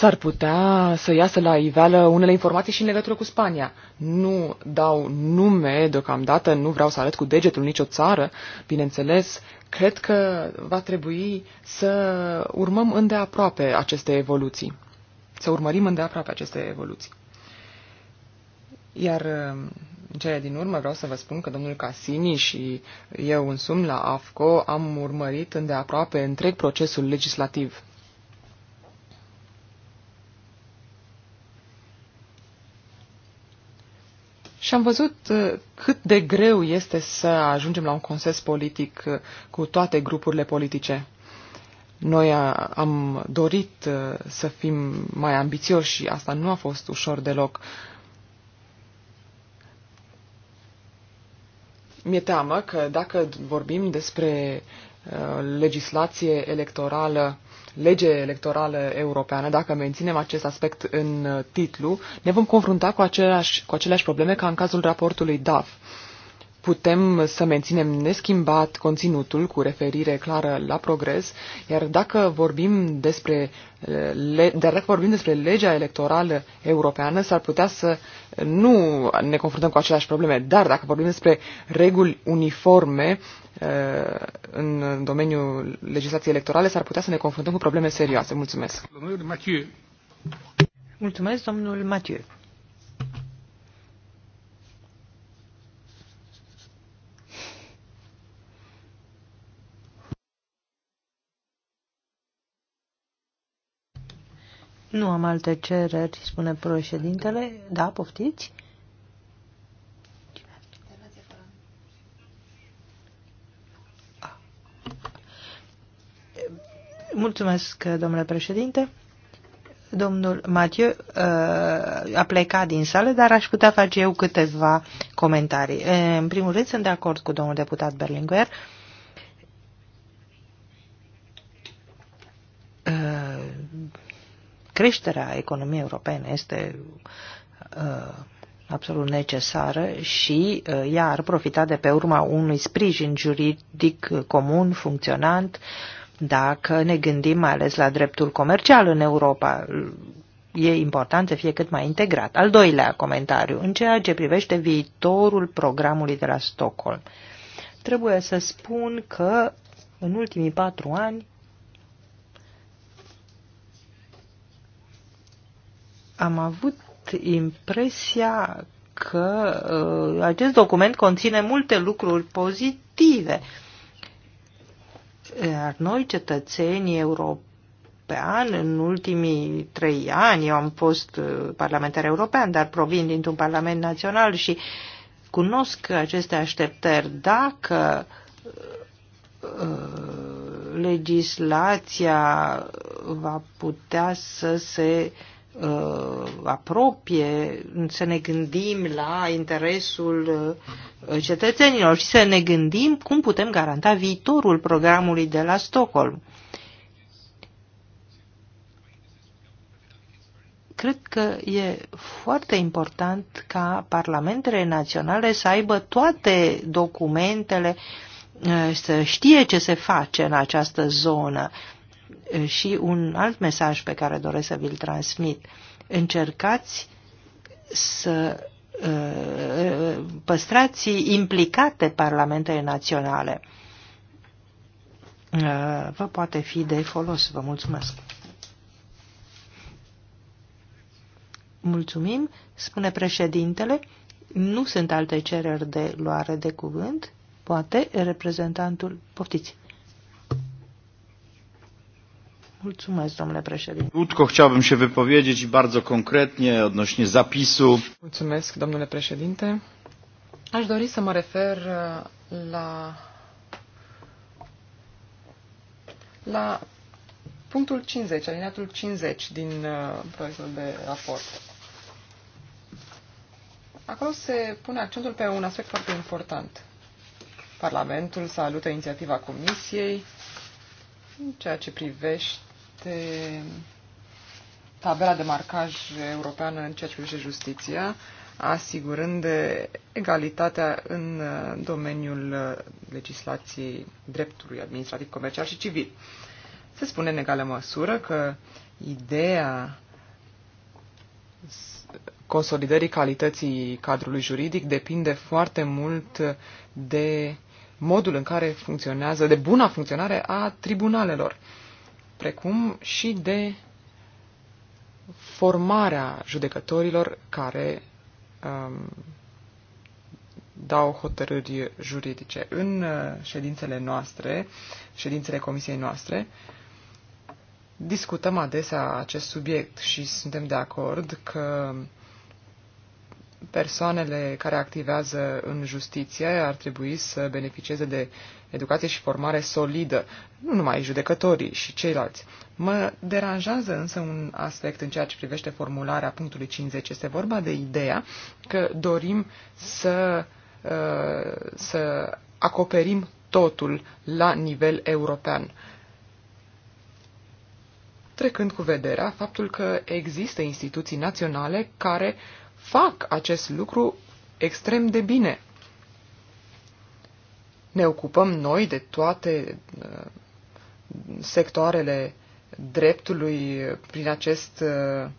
s-ar putea să iasă la iveală unele informații și în legătură cu Spania. Nu dau nume deocamdată, nu vreau să arăt cu degetul nicio țară, bineînțeles, cred că va trebui să urmăm îndeaproape aceste evoluții. Să urmărim îndeaproape aceste evoluții. Iar um, în cele din urmă vreau să vă spun că domnul Casini și eu însumi la AFCO am urmărit îndeaproape întreg procesul legislativ Și am văzut uh, cât de greu este să ajungem la un consens politic uh, cu toate grupurile politice. Noi uh, am dorit să fim mai ambițioși și asta nu a fost ușor deloc. Mi-e teamă că dacă vorbim despre legislație electorală, lege electorală europeană, dacă menținem acest aspect în titlu, ne vom confrunta cu aceleași, cu aceleași probleme ca în cazul raportului DAF putem să menținem neschimbat conținutul cu referire clară la progres, iar dacă vorbim despre, le, dar dacă vorbim despre legea electorală europeană, s-ar putea să nu ne confruntăm cu aceleași probleme, dar dacă vorbim despre reguli uniforme uh, în domeniul legislației electorale, s-ar putea să ne confruntăm cu probleme serioase. Mulțumesc! Mulțumesc, domnul Mathieu. Nu am alte cereri, spune președintele. Da, poftiți? Mulțumesc, domnule președinte. Domnul Mathieu uh, a plecat din sală, dar aș putea face eu câteva comentarii. În primul rând, sunt de acord cu domnul deputat Berlinguer. creșterea economiei europene este uh, absolut necesară și uh, ea ar profita de pe urma unui sprijin juridic comun, funcționant, dacă ne gândim mai ales la dreptul comercial în Europa. E important să fie cât mai integrat. Al doilea comentariu, în ceea ce privește viitorul programului de la Stockholm. Trebuie să spun că în ultimii patru ani am avut impresia că uh, acest document conține multe lucruri pozitive. Iar noi, cetățenii europeni, în ultimii trei ani, eu am fost uh, parlamentar european, dar provin dintr-un parlament național și cunosc aceste așteptări. Dacă uh, legislația va putea să se uh, Uh, apropie, să ne gândim la interesul uh, cetățenilor și să ne gândim cum putem garanta viitorul programului de la Stockholm. Cred că e foarte important ca parlamentele naționale să aibă toate documentele, uh, să știe ce se face în această zonă și un alt mesaj pe care doresc să vi-l transmit. Încercați să uh, păstrați implicate parlamentele naționale. Uh, vă poate fi de folos. Vă mulțumesc. Mulțumim, spune președintele. Nu sunt alte cereri de luare de cuvânt. Poate reprezentantul poftiți. Mulțumesc, domnule președinte. Krótko chciałbym się wypowiedzieć bardzo konkretnie odnośnie zapisu. Mulțumesc, domnule președinte. Aș dori să mă refer uh, la la punctul 50, alineatul 50 din uh, proiectul de raport. Acolo se pune accentul pe un aspect foarte important. Parlamentul salută inițiativa Comisiei în ceea ce privește este tabela de marcaj europeană în ceea ce privește justiția, asigurând egalitatea în uh, domeniul uh, legislației dreptului administrativ, comercial și civil. Se spune în egală măsură că ideea consolidării calității cadrului juridic depinde foarte mult de modul în care funcționează, de buna funcționare a tribunalelor precum și de formarea judecătorilor care um, dau hotărâri juridice. În uh, ședințele noastre, ședințele comisiei noastre, discutăm adesea acest subiect și suntem de acord că persoanele care activează în justiție ar trebui să beneficieze de educație și formare solidă, nu numai judecătorii și ceilalți. Mă deranjează însă un aspect în ceea ce privește formularea punctului 50. Este vorba de ideea că dorim să, uh, să acoperim totul la nivel european trecând cu vederea faptul că există instituții naționale care fac acest lucru extrem de bine ne ocupăm noi de toate uh, sectoarele dreptului prin acest uh,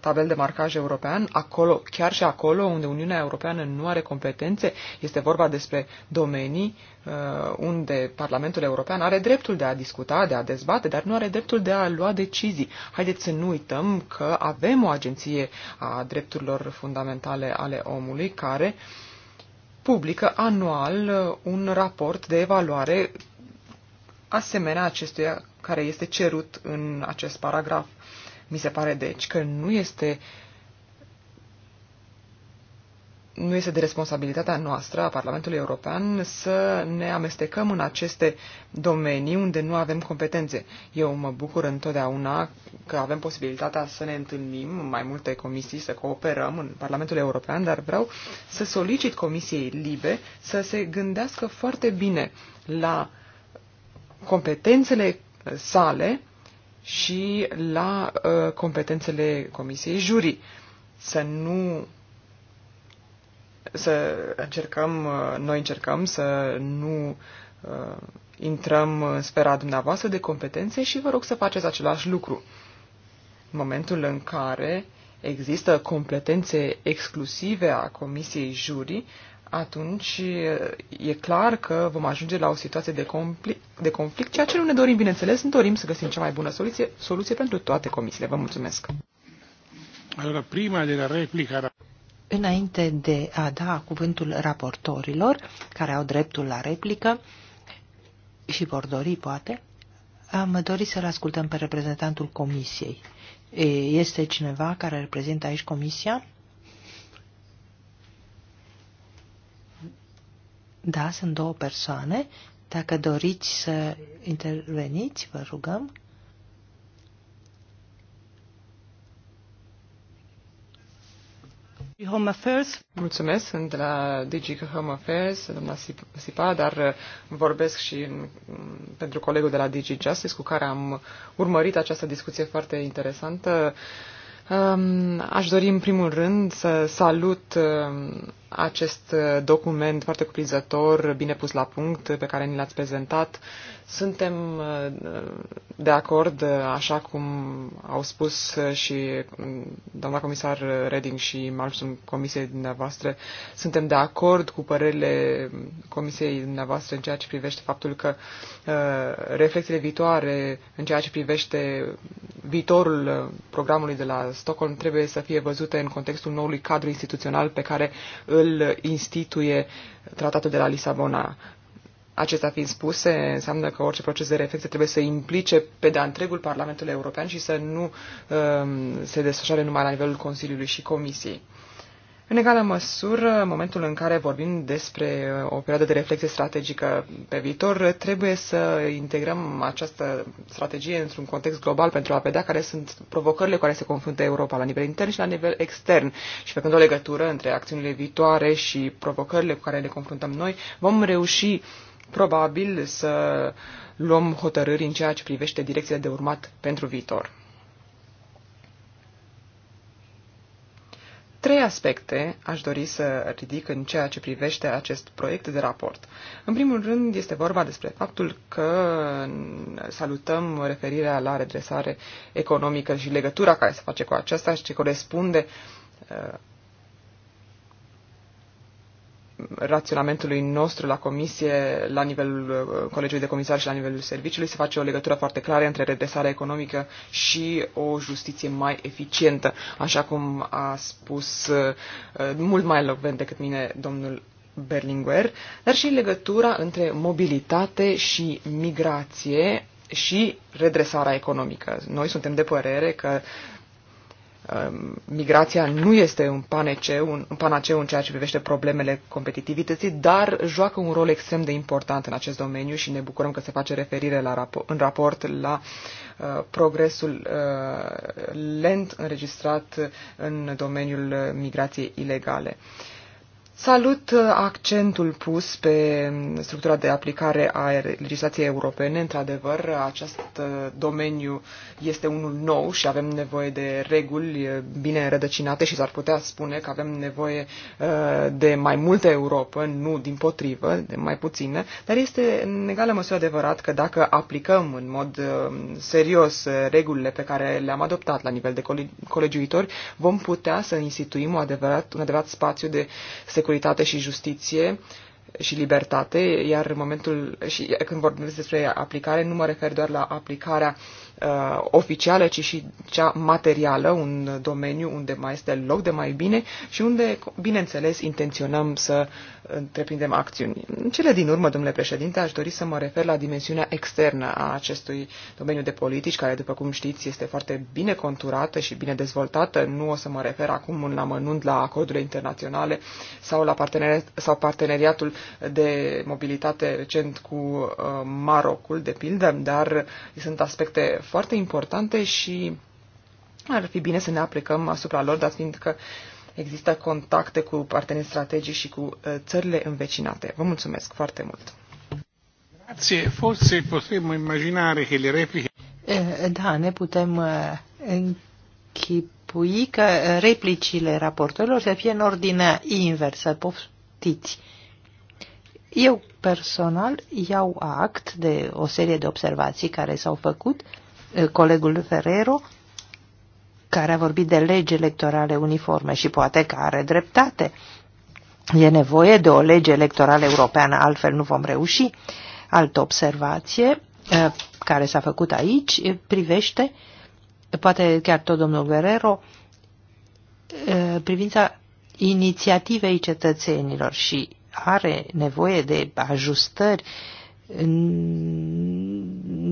tabel de marcaj european, acolo, chiar și acolo unde Uniunea Europeană nu are competențe, este vorba despre domenii uh, unde Parlamentul European are dreptul de a discuta, de a dezbate, dar nu are dreptul de a lua decizii. Haideți să nu uităm că avem o agenție a drepturilor fundamentale ale omului care uh, publică anual uh, un raport de evaluare asemenea acestuia care este cerut în acest paragraf. Mi se pare deci că nu este nu este de responsabilitatea noastră a Parlamentului European să ne amestecăm în aceste domenii unde nu avem competențe. Eu mă bucur întotdeauna că avem posibilitatea să ne întâlnim în mai multe comisii, să cooperăm în Parlamentul European, dar vreau să solicit Comisiei Libe să se gândească foarte bine la competențele sale și la uh, competențele Comisiei Jurii. Să nu să încercăm, uh, noi încercăm să nu uh, intrăm în sfera dumneavoastră de competențe și vă rog să faceți același lucru. În momentul în care există competențe exclusive a Comisiei juri, atunci uh, e clar că vom ajunge la o situație de, conflict, de conflict, ceea ce nu ne dorim, bineînțeles, nu dorim să găsim cea mai bună soluție, soluție pentru toate comisiile. Vă mulțumesc. Allora, prima de la replica... Înainte de a da cuvântul raportorilor, care au dreptul la replică și vor dori, poate, am dorit să-l ascultăm pe reprezentantul comisiei. Este cineva care reprezintă aici comisia? Da, sunt două persoane. Dacă doriți să interveniți, vă rugăm. Home Affairs. Mulțumesc, sunt de la DG Home Affairs, doamna Sipa, dar uh, vorbesc și mm, pentru colegul de la DG Justice cu care am urmărit această discuție foarte interesantă. Um, aș dori în primul rând să salut um, acest document foarte cuprinzător, bine pus la punct, pe care ni l-ați prezentat. Suntem uh, de acord, uh, așa cum au spus uh, și um, doamna comisar Reding și Malmström, comisiei dumneavoastră, suntem de acord cu părerile comisiei dumneavoastră în ceea ce privește faptul că reflexiile viitoare, în ceea ce privește viitorul programului de la Stockholm, trebuie să fie văzute în contextul noului cadru instituțional pe care îl instituie tratatul de la Lisabona. Acestea fiind spuse, înseamnă că orice proces de reflexie trebuie să implice pe de-a întregul Parlamentul European și să nu um, se desfășoare numai la nivelul Consiliului și Comisiei. În egală măsură, în momentul în care vorbim despre uh, o perioadă de reflexie strategică pe viitor, trebuie să integrăm această strategie într-un context global pentru a vedea care sunt provocările cu care se confruntă Europa la nivel intern și la nivel extern. Și făcând o legătură între acțiunile viitoare și provocările cu care ne confruntăm noi, vom reuși probabil să luăm hotărâri în ceea ce privește direcțiile de urmat pentru viitor. Trei aspecte aș dori să ridic în ceea ce privește acest proiect de raport. În primul rând este vorba despre faptul că salutăm referirea la redresare economică și legătura care se face cu aceasta și ce corespunde uh, raționamentului nostru la comisie, la nivelul uh, Colegiului de comisar și la nivelul serviciului, se face o legătură foarte clară între redresarea economică și o justiție mai eficientă, așa cum a spus uh, uh, mult mai elocvent decât mine domnul Berlinguer, dar și legătura între mobilitate și migrație și redresarea economică. Noi suntem de părere că Um, migrația nu este un panaceu, un panaceu în ceea ce privește problemele competitivității, dar joacă un rol extrem de important în acest domeniu și ne bucurăm că se face referire la rapo- în raport la uh, progresul uh, lent înregistrat în domeniul migrației ilegale. Uh, Salut uh, accentul pus pe structura de aplicare a legislației europene. Într-adevăr, acest uh, domeniu este unul nou și avem nevoie de reguli uh, bine rădăcinate și s-ar putea spune că avem nevoie de mai multă Europa, nu din potrivă, de mai puține, dar este în egală măsură adevărat că dacă aplicăm în mod serios regulile pe care le-am adoptat la nivel de colegiuitori, vom putea să instituim un adevărat, un adevărat spațiu de securitate securitate și justiție și libertate, iar în momentul și când vorbesc despre aplicare, nu mă refer doar la aplicarea uh, oficială, ci și cea materială, un domeniu unde mai este loc de mai bine și unde, bineînțeles, intenționăm să întreprindem acțiuni. În cele din urmă, domnule președinte, aș dori să mă refer la dimensiunea externă a acestui domeniu de politici, care, după cum știți, este foarte bine conturată și bine dezvoltată. Nu o să mă refer acum în amănunt la acordurile internaționale sau la parteneri- sau parteneriatul de mobilitate recent cu uh, Marocul, de pildă, dar sunt aspecte foarte importante și ar fi bine să ne aplicăm asupra lor, dat fiind că există contacte cu parteneri strategici și cu uh, țările învecinate. Vă mulțumesc foarte mult! Grazie, forse che le repliche... Eh, da, ne putem eh, închipui că eh, replicile raportorilor să fie în ordine inversă, poftiți. Eu personal iau act de o serie de observații care s-au făcut Eh, colegul Ferrero, care a vorbit de legi electorale uniforme și poate că are dreptate. E nevoie de o lege electorală europeană, altfel nu vom reuși. Altă observație eh, care s-a făcut aici eh, privește, poate chiar tot domnul Guerrero, privința inițiativei cetățenilor și are nevoie de ajustări uh,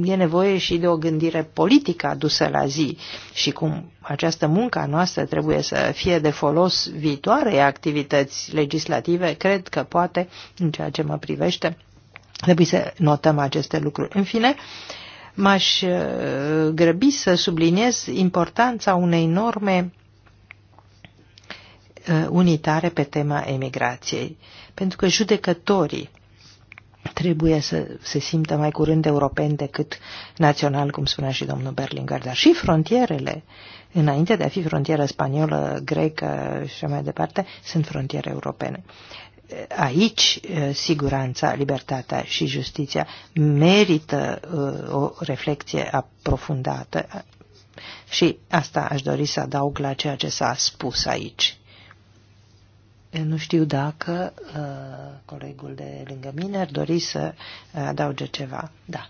e nevoie și de o gândire politică adusă la zi și cum această muncă a noastră trebuie să fie de folos viitoarei activități legislative, cred că poate, în ceea ce mă privește, trebuie să notăm aceste lucruri. În fine, m-aș uh, grăbi să subliniez importanța unei norme uh, unitare pe tema emigrației, pentru că judecătorii trebuie să se simtă mai curând europeni decât național, cum spunea și domnul Berlinger, dar și frontierele, înainte de a fi frontieră spaniolă, grecă și mai departe, sunt frontiere europene. Aici eh, siguranța, libertatea și justiția merită eh, o reflexie aprofundată și asta aș dori să adaug la ceea ce s-a spus aici. Nu știu dacă uh, colegul de lângă mine ar dori să uh, adauge ceva. Da.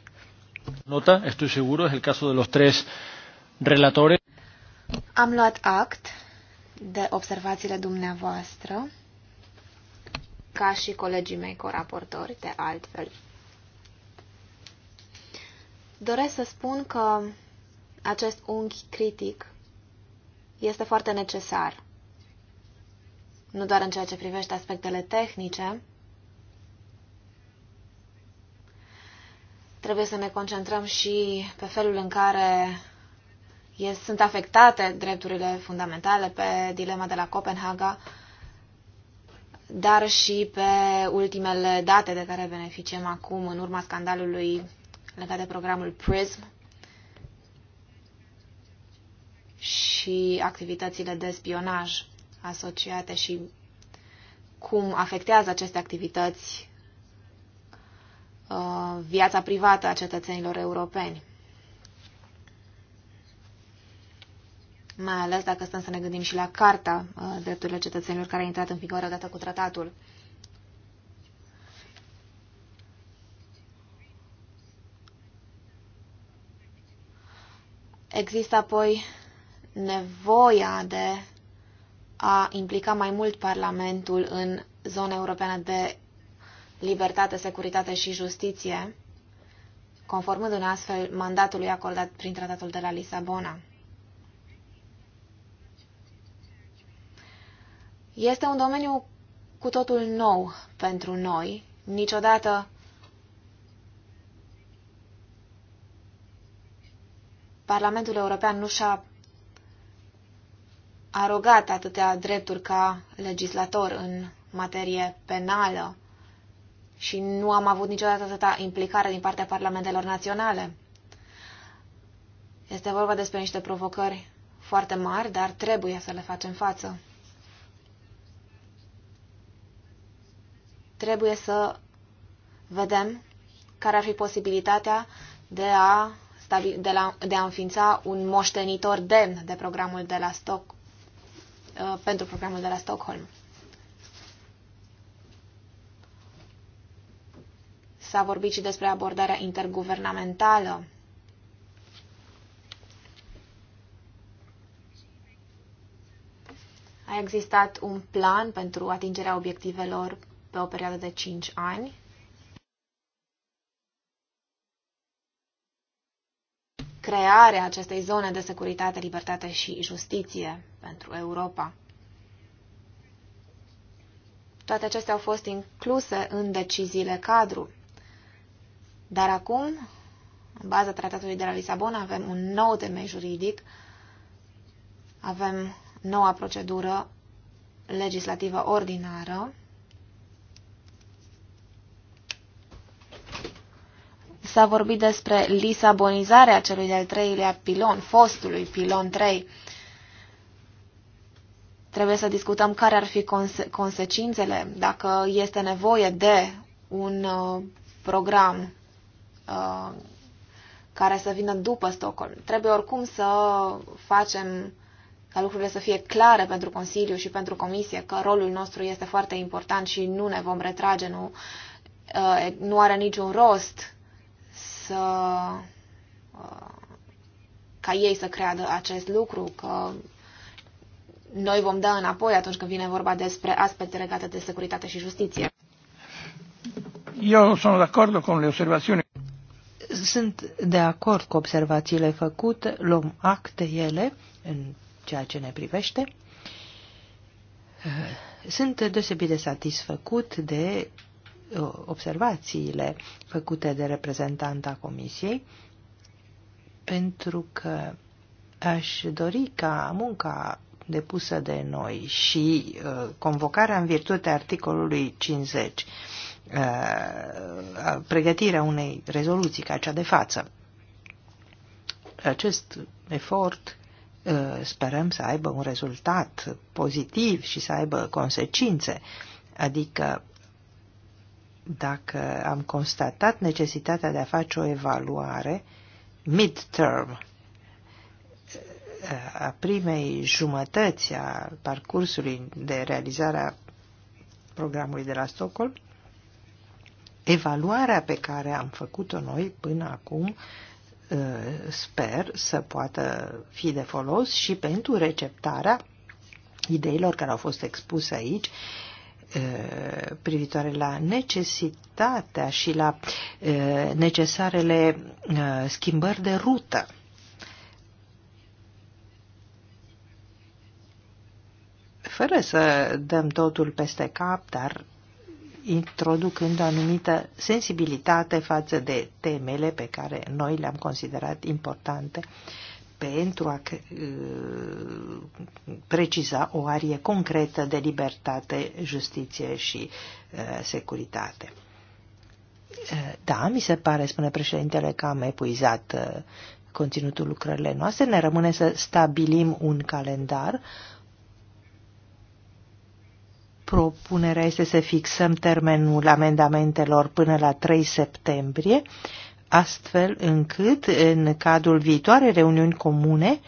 Nota, estoy seguro, es el caso de los tres relatores. Am luat act de observațiile dumneavoastră, ca și colegii mei coraportori, de altfel. Doresc să spun că acest unghi critic este foarte necesar nu doar în ceea ce privește aspectele tehnice. Trebuie să ne concentrăm și pe felul în care sunt afectate drepturile fundamentale pe dilema de la Copenhaga, dar și pe ultimele date de care beneficiem acum în urma scandalului legat de programul PRISM și activitățile de spionaj asociate și cum afectează aceste activități uh, viața privată a cetățenilor europeni. Mai ales dacă stăm să ne gândim și la Carta uh, Drepturilor Cetățenilor care a intrat în vigoare odată cu tratatul. Există apoi nevoia de a implica mai mult Parlamentul în zona europeană de libertate, securitate și justiție, conformând în astfel mandatului acordat prin tratatul de la Lisabona. Este un domeniu cu totul nou pentru noi. Niciodată Parlamentul European nu și-a arogat atâtea drepturi ca legislator în materie penală și nu am avut niciodată atâta implicare din partea parlamentelor naționale. Este vorba despre niște provocări foarte mari, dar trebuie să le facem față. Trebuie să vedem care ar fi posibilitatea de a, stabi- de la, de a înființa un moștenitor demn de programul de la Stoc, Uh, pentru programul de la Stockholm. S-a vorbit și despre abordarea interguvernamentală. A existat un plan pentru atingerea obiectivelor pe o perioadă de 5 ani. crearea acestei zone de securitate, libertate și justiție pentru Europa. Toate acestea au fost incluse în deciziile cadru. Dar acum, în baza tratatului de la Lisabona, avem un nou temei juridic, avem noua procedură legislativă ordinară S-a vorbit despre lisabonizarea celui de-al treilea pilon, fostului pilon 3. Trebuie să discutăm care ar fi conse consecințele, dacă este nevoie de un uh, program uh, care să vină după Stockholm. Trebuie oricum să facem ca lucrurile să fie clare pentru Consiliu și pentru Comisie, că rolul nostru este foarte important și nu ne vom retrage, nu, uh, nu are niciun rost să uh, ca ei să creadă acest lucru, că noi vom da înapoi atunci când vine vorba despre aspecte legate de securitate și justiție. Eu sunt de acord cu observațiile. Sunt de acord cu observațiile făcute, luăm acte ele în ceea ce ne privește. Sunt deosebit de satisfăcut de Uh, observațiile făcute de reprezentanta Comisiei, pentru că aș dori ca munca depusă de noi și uh, convocarea în virtutea articolului 50, uh, pregătirea unei rezoluții ca cea de față. Acest efort sperăm să aibă un rezultat pozitiv și să aibă consecințe, adică dacă am constatat necesitatea de a face o evaluare mid-term a primei jumătăți a parcursului de realizare a programului de la Stockholm, evaluarea pe care am făcut-o noi până acum ă, sper să poată fi de folos și pentru receptarea ideilor care au fost expuse aici privitoare la necesitatea și la necesarele schimbări de rută. Fără să dăm totul peste cap, dar introducând o anumită sensibilitate față de temele pe care noi le-am considerat importante uh, pentru a uh, preciza o arie concretă de libertate, justiție și uh, securitate. Uh, da, mi se pare, spune președintele, că am epuizat conținutul lucrările noastre. Ne rămâne să stabilim un calendar. Propunerea este să fixăm termenul amendamentelor până la 3 septembrie astfel încât în cadrul viitoare reuniuni comune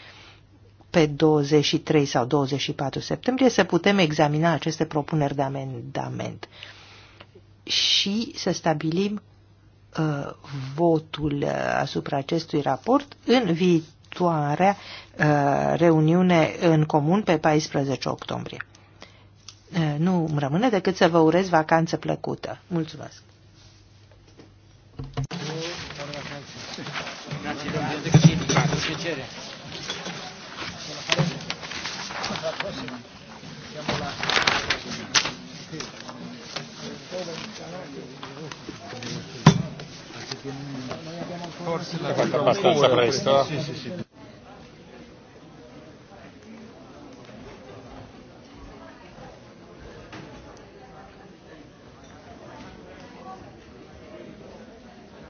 pe 23 sau 24 septembrie să putem examina aceste propuneri de amendament și să stabilim uh, votul uh, asupra acestui raport în viitoarea uh, reuniune în comun pe 14 octombrie. Uh, nu îmi rămâne decât să vă urez vacanță plăcută. Mulțumesc! piacere. Forse la abbastanza presto. Sì, sì, sì.